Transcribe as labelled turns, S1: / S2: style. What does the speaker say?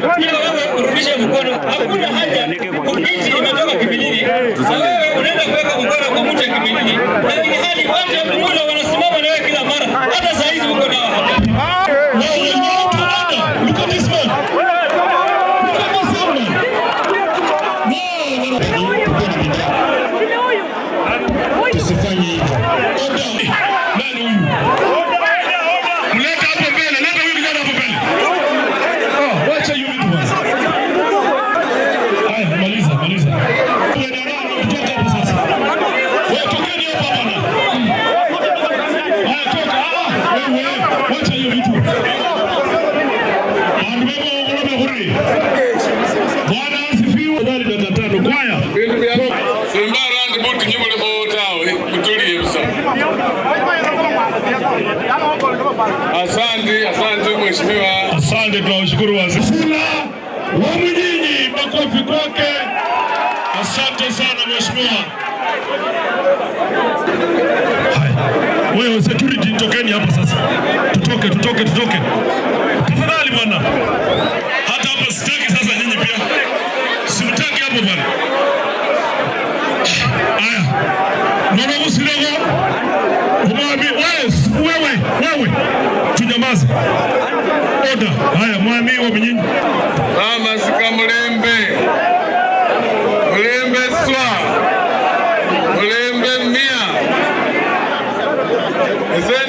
S1: pia wewe urudishe mkono. Hakuna haja, nchi imetoka kimbilini na wewe unaenda kuweka mkono kwa mtu ya kimbilini, na ili hali watu ya Bungula wanasimama na wewe kila mara, hata saa hizi uko nao hapa
S2: Asante, asante mheshimiwa.
S3: Asante, tunawashukuru wazee. Sina wa mjini, makofi kwake. Asante sana mheshimiwa. Wewe security, tokeni hapa sasa tutoke, tutoke, tutoke. Tafadhali bwana, hata hapa sitaki. Sasa nyinyi pia simtaki hapo bwana. Haya, mwana musilogo umwambi wewe, wewe tunyamaze. Oda haya, mwami wa mnyinyi
S2: mama zika mlembe mlembe swa mlembe mia